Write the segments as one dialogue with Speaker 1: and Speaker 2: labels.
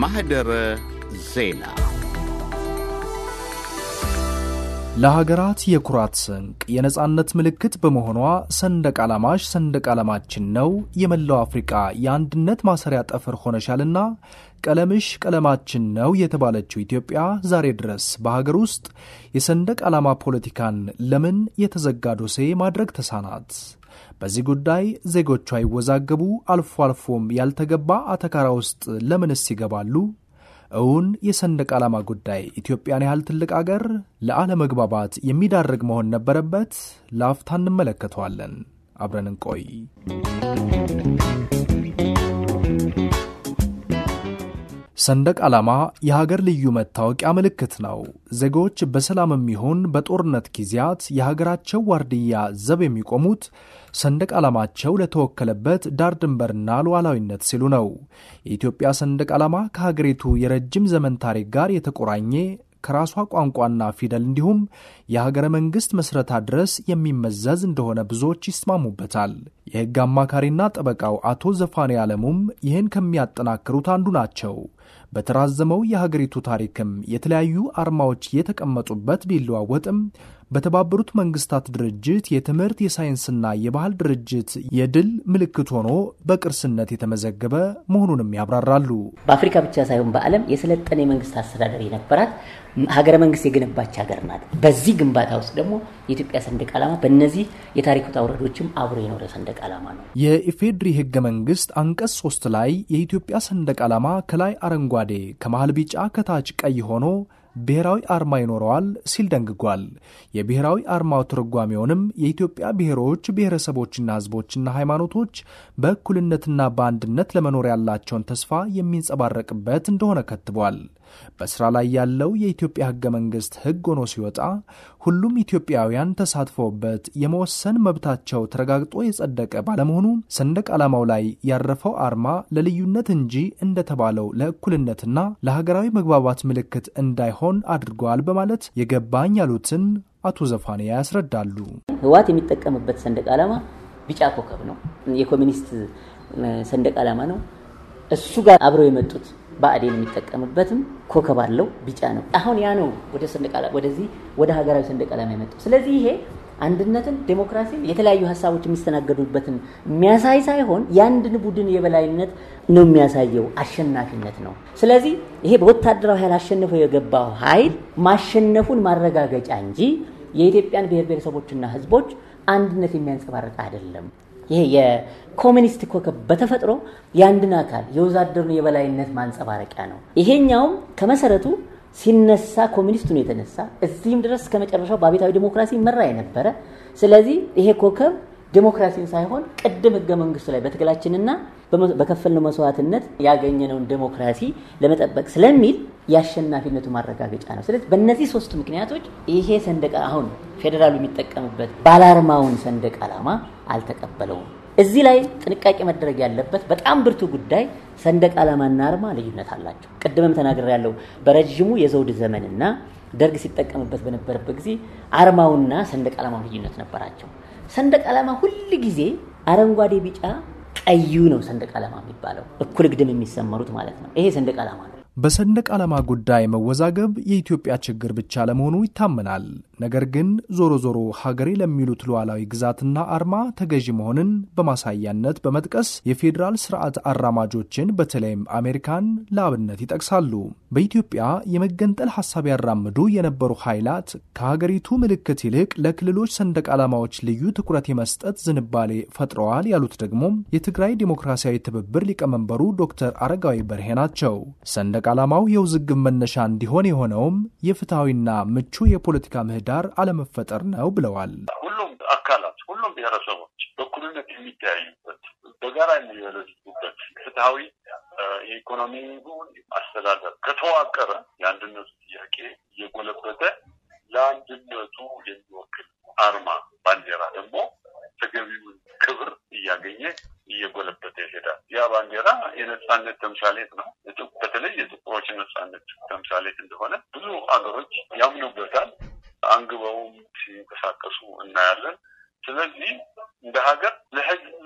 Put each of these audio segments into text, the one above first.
Speaker 1: ማህደር ዜና
Speaker 2: ለሀገራት የኩራት ስንቅ የነጻነት ምልክት በመሆኗ ሰንደቅ ዓላማሽ ሰንደቅ ዓላማችን ነው፣ የመላው አፍሪቃ የአንድነት ማሰሪያ ጠፍር ሆነሻልና ቀለምሽ ቀለማችን ነው የተባለችው ኢትዮጵያ ዛሬ ድረስ በሀገር ውስጥ የሰንደቅ ዓላማ ፖለቲካን ለምን የተዘጋ ዶሴ ማድረግ ተሳናት? በዚህ ጉዳይ ዜጎቿ ይወዛገቡ፣ አልፎ አልፎም ያልተገባ አተካራ ውስጥ ለምንስ ይገባሉ? እውን የሰንደቅ ዓላማ ጉዳይ ኢትዮጵያን ያህል ትልቅ አገር ለአለመግባባት የሚዳርግ መሆን ነበረበት? ለአፍታ እንመለከተዋለን። አብረን እንቆይ። ሰንደቅ ዓላማ የሀገር ልዩ መታወቂያ ምልክት ነው። ዜጎች በሰላም የሚሆን በጦርነት ጊዜያት የሀገራቸው ዋርድያ ዘብ የሚቆሙት ሰንደቅ ዓላማቸው ለተወከለበት ዳር ድንበርና ሉዓላዊነት ሲሉ ነው። የኢትዮጵያ ሰንደቅ ዓላማ ከሀገሪቱ የረጅም ዘመን ታሪክ ጋር የተቆራኘ ከራሷ ቋንቋና ፊደል እንዲሁም የሀገረ መንግስት መስረታ ድረስ የሚመዘዝ እንደሆነ ብዙዎች ይስማሙበታል። የሕግ አማካሪና ጠበቃው አቶ ዘፋኔ አለሙም ይህን ከሚያጠናክሩት አንዱ ናቸው። በተራዘመው የሀገሪቱ ታሪክም የተለያዩ አርማዎች የተቀመጡበት ቢለዋወጥም በተባበሩት መንግስታት ድርጅት የትምህርት የሳይንስና የባህል ድርጅት የድል ምልክት ሆኖ በቅርስነት የተመዘገበ መሆኑንም ያብራራሉ። በአፍሪካ
Speaker 1: ብቻ ሳይሆን በዓለም የሰለጠነ የመንግስት አስተዳደር የነበራት ሀገረ መንግስት የገነባች ሀገር ናት። በዚህ ግንባታ ውስጥ ደግሞ የኢትዮጵያ ሰንደቅ ዓላማ በእነዚህ የታሪክ ውጣ ውረዶችም አብሮ የኖረ ሰንደቅ ዓላማ ነው።
Speaker 2: የኢፌድሪ ህገ መንግስት አንቀጽ ሶስት ላይ የኢትዮጵያ ሰንደቅ ዓላማ ከላይ አረንጓዴ፣ ከመሃል ቢጫ፣ ከታች ቀይ ሆኖ ብሔራዊ አርማ ይኖረዋል ሲል ደንግጓል። የብሔራዊ አርማው ትርጓሜውንም የኢትዮጵያ ብሔሮች፣ ብሔረሰቦችና ህዝቦችና ሃይማኖቶች በእኩልነትና በአንድነት ለመኖር ያላቸውን ተስፋ የሚንጸባረቅበት እንደሆነ ከትቧል። በስራ ላይ ያለው የኢትዮጵያ ህገ መንግስት ህግ ሆኖ ሲወጣ ሁሉም ኢትዮጵያውያን ተሳትፎበት የመወሰን መብታቸው ተረጋግጦ የጸደቀ ባለመሆኑ ሰንደቅ ዓላማው ላይ ያረፈው አርማ ለልዩነት እንጂ እንደተባለው ለእኩልነትና ለሀገራዊ መግባባት ምልክት እንዳይሆን አድርጓል በማለት የገባኝ ያሉትን አቶ ዘፋንያ ያስረዳሉ።
Speaker 1: ህወሓት የሚጠቀምበት ሰንደቅ ዓላማ ቢጫ ኮከብ ነው። የኮሚኒስት ሰንደቅ ዓላማ ነው። እሱ ጋር አብረው የመጡት ብአዴን የሚጠቀምበትም ኮከብ አለው፣ ቢጫ ነው። አሁን ያ ነው ወደ ሰንደቅ ወደዚህ ወደ ሀገራዊ ሰንደቅ ዓላማ የመጣው። ስለዚህ ይሄ አንድነትን፣ ዴሞክራሲን፣ የተለያዩ ሀሳቦች የሚስተናገዱበትን የሚያሳይ ሳይሆን የአንድን ቡድን የበላይነት ነው የሚያሳየው፣ አሸናፊነት ነው። ስለዚህ ይሄ በወታደራዊ ኃይል አሸንፎ የገባው ኃይል ማሸነፉን ማረጋገጫ እንጂ የኢትዮጵያን ብሔር ብሔረሰቦችና ህዝቦች አንድነት የሚያንጸባርቅ አይደለም። ይሄ የኮሚኒስት ኮከብ በተፈጥሮ የአንድን አካል የወዛደሩን የበላይነት ማንጸባረቂያ ነው። ይሄኛውም ከመሰረቱ ሲነሳ ኮሚኒስቱ ነው የተነሳ። እዚህም ድረስ ከመጨረሻው በአቤታዊ ዲሞክራሲ መራ የነበረ ስለዚህ ይሄ ኮከብ ዲሞክራሲን ሳይሆን ቅድም ህገ መንግስቱ ላይ በትግላችንና በከፈልነው መስዋዕትነት ያገኘነውን ዲሞክራሲ ለመጠበቅ ስለሚል የአሸናፊነቱ ማረጋገጫ ነው። ስለዚህ በእነዚህ ሶስት ምክንያቶች ይሄ ሰንደቅ አሁን ፌዴራሉ የሚጠቀምበት ባለአርማውን ሰንደቅ ዓላማ አልተቀበለውም። እዚህ ላይ ጥንቃቄ መደረግ ያለበት በጣም ብርቱ ጉዳይ ሰንደቅ ዓላማና አርማ ልዩነት አላቸው። ቅድምም ተናግር ያለው በረዥሙ የዘውድ ዘመንና ደርግ ሲጠቀምበት በነበረበት ጊዜ አርማውና ሰንደቅ ዓላማው ልዩነት ነበራቸው። ሰንደቅ ዓላማ ሁል ጊዜ አረንጓዴ፣ ቢጫ፣ ቀዩ ነው ሰንደቅ ዓላማ የሚባለው እኩል ግድም የሚሰመሩት ማለት ነው። ይሄ ሰንደቅ ዓላማ ነው።
Speaker 2: በሰንደቅ ዓላማ ጉዳይ መወዛገብ የኢትዮጵያ ችግር ብቻ ለመሆኑ ይታመናል። ነገር ግን ዞሮ ዞሮ ሀገሬ ለሚሉት ሉዓላዊ ግዛትና አርማ ተገዢ መሆንን በማሳያነት በመጥቀስ የፌዴራል ስርዓት አራማጆችን በተለይም አሜሪካን ለአብነት ይጠቅሳሉ። በኢትዮጵያ የመገንጠል ሀሳብ ያራምዱ የነበሩ ኃይላት ከሀገሪቱ ምልክት ይልቅ ለክልሎች ሰንደቅ ዓላማዎች ልዩ ትኩረት የመስጠት ዝንባሌ ፈጥረዋል ያሉት ደግሞ የትግራይ ዲሞክራሲያዊ ትብብር ሊቀመንበሩ ዶክተር አረጋዊ በርሄ ናቸው። ሰንደቅ ዓላማው የውዝግብ መነሻ እንዲሆን የሆነውም የፍትሐዊና ምቹ የፖለቲካ ምህዳ ዳር አለመፈጠር ነው ብለዋል።
Speaker 1: ሁሉም አካላት ሁሉም ብሔረሰቦች በእኩልነት የሚተያዩበት በጋራ የሚበለጽጉበት ፍትሐዊ የኢኮኖሚ አስተዳደር ከተዋቀረ የአንድነቱ ጥያቄ እየጎለበተ ለአንድነቱ የሚወክል አርማ ባንዲራ ደግሞ ተገቢውን ክብር እያገኘ እየጎለበተ ይሄዳል። ያ ባንዲራ የነጻነት ተምሳሌት ነው። በተለይ የጥቁሮች ነጻነት ተምሳሌት እንደሆነ ብዙ አገሮች ያምኑበታል። አንግበውም ሲንቀሳቀሱ እናያለን። ስለዚህ እንደ ሀገር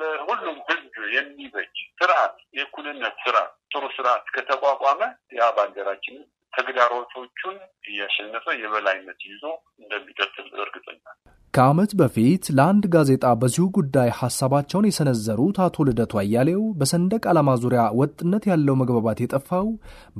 Speaker 1: ለሁሉም ህዝብ የሚበጅ ስርዓት፣ የእኩልነት ስርዓት፣ ጥሩ ስርዓት ከተቋቋመ ያ ባንዲራችንን ተግዳሮቶቹን እያሸነፈ የበላይነት ይዞ እንደሚቀጥል እርግጠኛል።
Speaker 2: ከዓመት በፊት ለአንድ ጋዜጣ በዚሁ ጉዳይ ሐሳባቸውን የሰነዘሩት አቶ ልደቱ አያሌው በሰንደቅ ዓላማ ዙሪያ ወጥነት ያለው መግባባት የጠፋው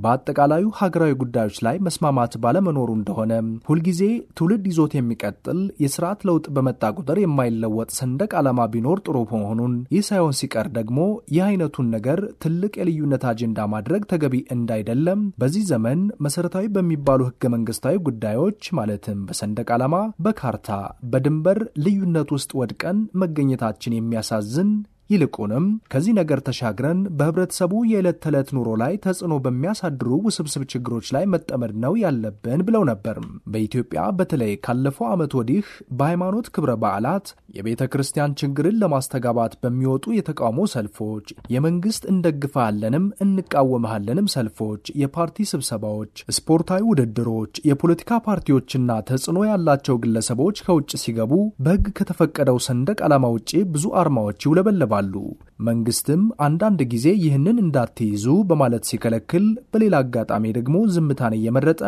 Speaker 2: በአጠቃላዩ ሀገራዊ ጉዳዮች ላይ መስማማት ባለመኖሩ እንደሆነ፣ ሁልጊዜ ትውልድ ይዞት የሚቀጥል የስርዓት ለውጥ በመጣ ቁጥር የማይለወጥ ሰንደቅ ዓላማ ቢኖር ጥሩ መሆኑን፣ ይህ ሳይሆን ሲቀር ደግሞ ይህ አይነቱን ነገር ትልቅ የልዩነት አጀንዳ ማድረግ ተገቢ እንዳይደለም፣ በዚህ ዘመን መሰረታዊ በሚባሉ ህገ መንግስታዊ ጉዳዮች ማለትም በሰንደቅ ዓላማ፣ በካርታ፣ በ በድንበር ልዩነት ውስጥ ወድቀን መገኘታችን የሚያሳዝን ይልቁንም ከዚህ ነገር ተሻግረን በህብረተሰቡ የዕለት ተዕለት ኑሮ ላይ ተጽዕኖ በሚያሳድሩ ውስብስብ ችግሮች ላይ መጠመድ ነው ያለብን ብለው ነበር። በኢትዮጵያ በተለይ ካለፈው ዓመት ወዲህ በሃይማኖት ክብረ በዓላት የቤተ ክርስቲያን ችግርን ለማስተጋባት በሚወጡ የተቃውሞ ሰልፎች፣ የመንግስት እንደግፋለንም እንቃወመሃለንም ሰልፎች፣ የፓርቲ ስብሰባዎች፣ ስፖርታዊ ውድድሮች፣ የፖለቲካ ፓርቲዎችና ተጽዕኖ ያላቸው ግለሰቦች ከውጭ ሲገቡ በህግ ከተፈቀደው ሰንደቅ ዓላማ ውጭ ብዙ አርማዎች ይውለበለባል። ይቀርባሉ። መንግስትም አንዳንድ ጊዜ ይህንን እንዳትይዙ በማለት ሲከለክል፣ በሌላ አጋጣሚ ደግሞ ዝምታን እየመረጠ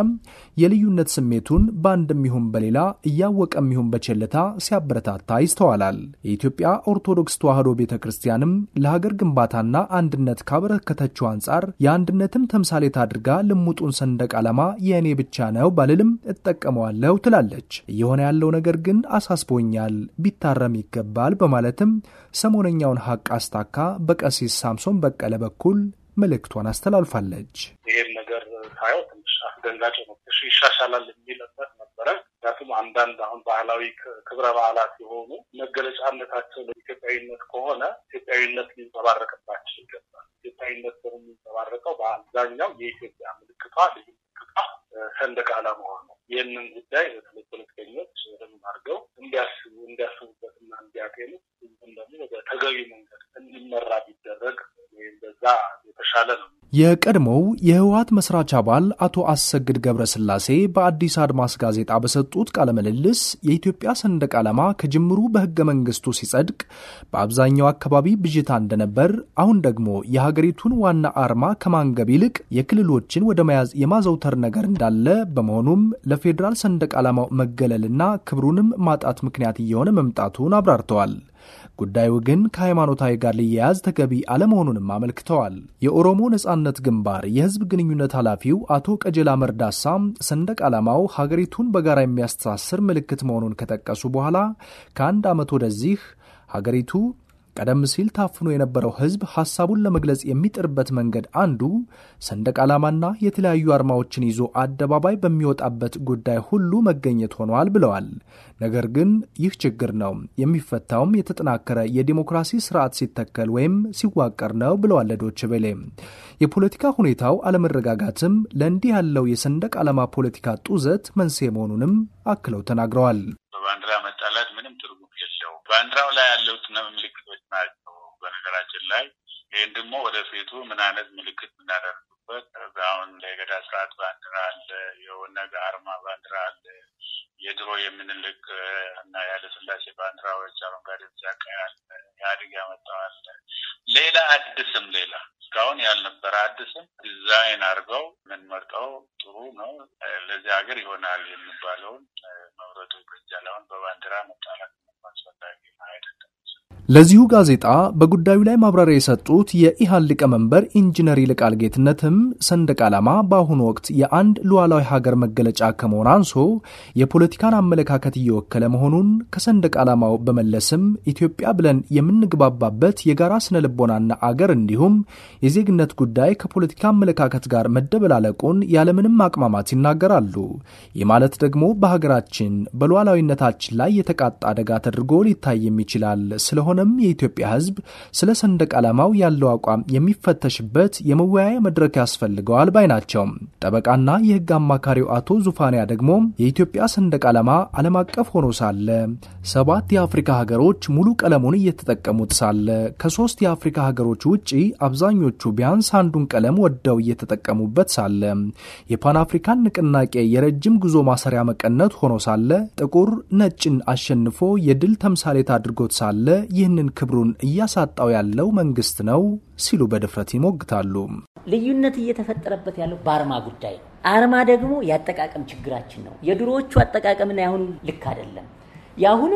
Speaker 2: የልዩነት ስሜቱን በአንድም ይሁን በሌላ እያወቀም ይሁን በቸልታ ሲያበረታታ ይስተዋላል። የኢትዮጵያ ኦርቶዶክስ ተዋሕዶ ቤተ ክርስቲያንም ለሀገር ግንባታና አንድነት ካበረከተችው አንጻር የአንድነትም ተምሳሌት አድርጋ ልሙጡን ሰንደቅ ዓላማ የእኔ ብቻ ነው ባልልም እጠቀመዋለሁ ትላለች። እየሆነ ያለው ነገር ግን አሳስቦኛል፣ ቢታረም ይገባል በማለትም ሰሞነኛውን ሀቅ አስታ እንድትተካ በቀሲስ ሳምሶን በቀለ በኩል መልእክቷን አስተላልፋለች።
Speaker 1: ይህም ነገር ሳየው ትንሽ አስደንጋጭ ነው። እሺ ይሻሻላል የሚልበት ነበረ። ምክንያቱም አንዳንድ አሁን ባህላዊ ክብረ በዓላት የሆኑ መገለጫነታቸው ለኢትዮጵያዊነት ከሆነ ኢትዮጵያዊነት ሊንጸባረቅባቸው ይገባል። ኢትዮጵያዊነት የሚንጸባረቀው በአብዛኛው የኢትዮጵያ ምልክቷ ልዩ ምልክቷ ሰንደቅ ዓላማዋ ነው። ይህንን ጉዳይ በተለይ ፖለቲከኞች በደንብ አድርገው እንዲያስቡ እንዲያስቡበትና እንዲያጤኑት ደግሞ በተገቢ መንገድ እንዲመራ ቢደረግ ወይም በዛ የተሻለ ነው።
Speaker 2: የቀድሞው የህወሀት መስራች አባል አቶ አሰግድ ገብረስላሴ በአዲስ አድማስ ጋዜጣ በሰጡት ቃለ ምልልስ የኢትዮጵያ ሰንደቅ ዓላማ ከጅምሩ በህገ መንግስቱ ሲጸድቅ በአብዛኛው አካባቢ ብዥታ እንደነበር፣ አሁን ደግሞ የሀገሪቱን ዋና አርማ ከማንገብ ይልቅ የክልሎችን ወደ መያዝ የማዘውተር ነገር እንዳለ በመሆኑም ለፌዴራል ሰንደቅ ዓላማው መገለልና ክብሩንም ማጣት ምክንያት እየሆነ መምጣቱን አብራርተዋል። ጉዳዩ ግን ከሃይማኖታዊ ጋር ሊያያዝ ተገቢ አለመሆኑንም አመልክተዋል። የኦሮሞ ነጻነት ግንባር የህዝብ ግንኙነት ኃላፊው አቶ ቀጀላ መርዳሳ ሰንደቅ ዓላማው ሀገሪቱን በጋራ የሚያስተሳስር ምልክት መሆኑን ከጠቀሱ በኋላ ከአንድ ዓመት ወደዚህ ሀገሪቱ ቀደም ሲል ታፍኖ የነበረው ህዝብ ሐሳቡን ለመግለጽ የሚጥርበት መንገድ አንዱ ሰንደቅ ዓላማና የተለያዩ አርማዎችን ይዞ አደባባይ በሚወጣበት ጉዳይ ሁሉ መገኘት ሆኗል ብለዋል። ነገር ግን ይህ ችግር ነው የሚፈታውም የተጠናከረ የዲሞክራሲ ስርዓት ሲተከል ወይም ሲዋቀር ነው ብለዋል ለዶች ቤሌ። የፖለቲካ ሁኔታው አለመረጋጋትም ለእንዲህ ያለው የሰንደቅ ዓላማ ፖለቲካ ጡዘት መንስኤ መሆኑንም አክለው ተናግረዋል።
Speaker 1: በባንዲራ መጣላት ምንም ትርጉም የለው። ባንዲራው ላይ ያለው ምልክት ናቸው። በነገራችን ላይ ይህን ደግሞ ወደፊቱ ምን አይነት ምልክት የምናደርጉበት አሁን ለገዳ ስርዓት ባንዲራ አለ፣ የኦነግ አርማ ባንዲራ አለ፣ የድሮ የምኒልክ እና ኃይለሥላሴ ባንዲራዎች አረንጓዴ፣ ቢጫ፣ ቀይ አለ፣ ኢህአዴግ ያመጣው አለ። ሌላ አዲስም ሌላ እስካሁን ያልነበረ አዲስም ዲዛይን አድርገው የምንመርጠው ጥሩ ነው፣ ለዚህ ሀገር ይሆናል የሚባለውን መምረጡ ብቻ ለአሁን በባንዲራ መጣላት አስፈላጊ
Speaker 2: አይደለም። ለዚሁ ጋዜጣ በጉዳዩ ላይ ማብራሪያ የሰጡት የኢህአል ሊቀመንበር ኢንጂነር ይልቃል ጌትነትም ሰንደቅ ዓላማ በአሁኑ ወቅት የአንድ ሉዓላዊ ሀገር መገለጫ ከመሆን አንሶ የፖለቲካን አመለካከት እየወከለ መሆኑን ከሰንደቅ ዓላማው በመለስም ኢትዮጵያ ብለን የምንግባባበት የጋራ ስነ ልቦናና አገር እንዲሁም የዜግነት ጉዳይ ከፖለቲካ አመለካከት ጋር መደበላለቁን ያለምንም አቅማማት ይናገራሉ። ይህ ማለት ደግሞ በሀገራችን በሉዓላዊነታችን ላይ የተቃጣ አደጋ ተደርጎ ሊታይም ይችላል ስለሆነ ስለሆነም የኢትዮጵያ ሕዝብ ስለ ሰንደቅ ዓላማው ያለው አቋም የሚፈተሽበት የመወያያ መድረክ ያስፈልገዋል ባይ ናቸው። ጠበቃና የህግ አማካሪው አቶ ዙፋንያ ደግሞ የኢትዮጵያ ሰንደቅ ዓላማ ዓለም አቀፍ ሆኖ ሳለ ሰባት የአፍሪካ ሀገሮች ሙሉ ቀለሙን እየተጠቀሙት ሳለ ከሶስት የአፍሪካ ሀገሮች ውጪ አብዛኞቹ ቢያንስ አንዱን ቀለም ወደው እየተጠቀሙበት ሳለ የፓን አፍሪካን ንቅናቄ የረጅም ጉዞ ማሰሪያ መቀነት ሆኖ ሳለ ጥቁር ነጭን አሸንፎ የድል ተምሳሌት አድርጎት ሳለ ይህ ይህንን ክብሩን እያሳጣው ያለው መንግስት ነው ሲሉ በድፍረት ይሞግታሉ።
Speaker 1: ልዩነት እየተፈጠረበት ያለው በአርማ ጉዳይ ነው። አርማ ደግሞ የአጠቃቀም ችግራችን ነው። የድሮዎቹ አጠቃቀምና ያሁኑ ልክ አይደለም። የአሁኑ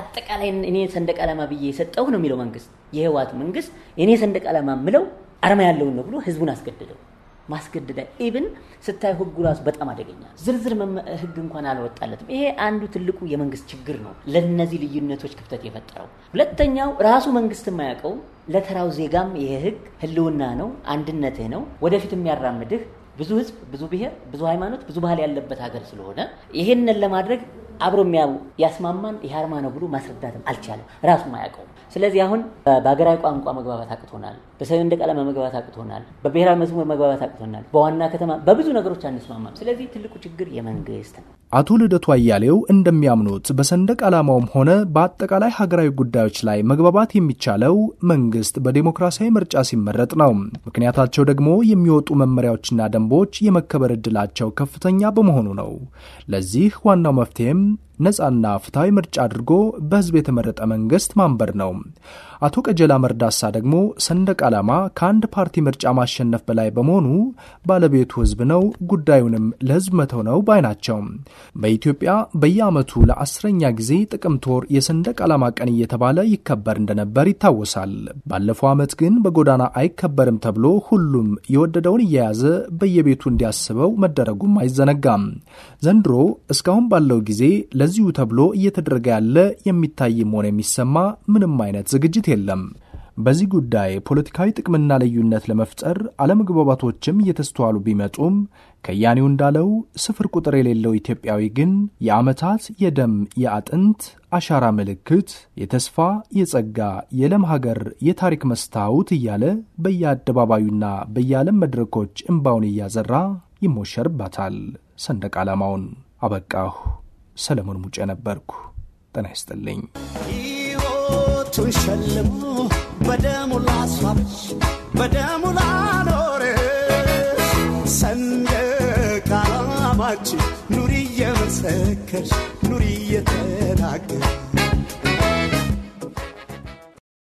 Speaker 1: አጠቃላይ እኔ ሰንደቅ ዓላማ ብዬ የሰጠሁ ነው የሚለው መንግስት፣ የህወሓት መንግስት እኔ ሰንደቅ ዓላማ ምለው አርማ ያለውን ነው ብሎ ህዝቡን አስገድደው ማስገደዳል። ኢብን ስታይ ህጉ ራሱ በጣም አደገኛ ዝርዝር ህግ እንኳን አልወጣለትም። ይሄ አንዱ ትልቁ የመንግስት ችግር ነው፣ ለነዚህ ልዩነቶች ክፍተት የፈጠረው። ሁለተኛው ራሱ መንግስት የማያውቀው ለተራው ዜጋም ይሄ ህግ ህልውና ነው፣ አንድነትህ ነው፣ ወደፊት የሚያራምድህ ብዙ ህዝብ፣ ብዙ ብሔር፣ ብዙ ሃይማኖት፣ ብዙ ባህል ያለበት ሀገር ስለሆነ ይሄንን ለማድረግ አብሮ ያስማማን ይህ አርማ ነው ብሎ ማስረዳትም አልቻለም፣ ራሱም አያውቀውም። ስለዚህ አሁን በሀገራዊ ቋንቋ መግባባት አቅቶናል፣ በሰንደቅ ዓላማ መግባባት አቅቶናል፣ በብሔራዊ መዝሙር መግባባት አቅቶናል፣ በዋና ከተማ በብዙ ነገሮች አንስማማም። ስለዚህ ትልቁ ችግር የመንግስት ነው።
Speaker 2: አቶ ልደቱ አያሌው እንደሚያምኑት በሰንደቅ ዓላማውም ሆነ በአጠቃላይ ሀገራዊ ጉዳዮች ላይ መግባባት የሚቻለው መንግስት በዴሞክራሲያዊ ምርጫ ሲመረጥ ነው። ምክንያታቸው ደግሞ የሚወጡ መመሪያዎችና ደንቦች የመከበር ዕድላቸው ከፍተኛ በመሆኑ ነው። ለዚህ ዋናው መፍትሄም Um, ነጻና ፍትሐዊ ምርጫ አድርጎ በህዝብ የተመረጠ መንግስት ማንበር ነው። አቶ ቀጀላ መርዳሳ ደግሞ ሰንደቅ ዓላማ ከአንድ ፓርቲ ምርጫ ማሸነፍ በላይ በመሆኑ ባለቤቱ ህዝብ ነው፣ ጉዳዩንም ለህዝብ መተው ነው ባይ ናቸው። በኢትዮጵያ በየዓመቱ ለአስረኛ ጊዜ ጥቅምት ወር የሰንደቅ ዓላማ ቀን እየተባለ ይከበር እንደነበር ይታወሳል። ባለፈው ዓመት ግን በጎዳና አይከበርም ተብሎ ሁሉም የወደደውን እየያዘ በየቤቱ እንዲያስበው መደረጉም አይዘነጋም። ዘንድሮ እስካሁን ባለው ጊዜ ለዚሁ ተብሎ እየተደረገ ያለ የሚታይም ሆነ የሚሰማ ምንም አይነት ዝግጅት የለም። በዚህ ጉዳይ ፖለቲካዊ ጥቅምና ልዩነት ለመፍጠር አለመግባባቶችም እየተስተዋሉ ቢመጡም ከያኔው እንዳለው ስፍር ቁጥር የሌለው ኢትዮጵያዊ ግን የዓመታት የደም የአጥንት አሻራ ምልክት፣ የተስፋ የጸጋ የለም ሀገር የታሪክ መስታወት እያለ በየአደባባዩና በየዓለም መድረኮች እምባውን እያዘራ ይሞሸርባታል ሰንደቅ ዓላማውን። አበቃሁ። ሰለሞን ሙጬ ነበርኩ። ጤና ይስጥልኝ።
Speaker 1: ሕይወቱን
Speaker 2: ሸልሞ
Speaker 1: በደሙ ላስዋበች በደሙ ላኖረች ሰንደቅ
Speaker 2: ዓላማችን ኑሪ እየመሰከርሽ ኑሪ እየተናገርሽ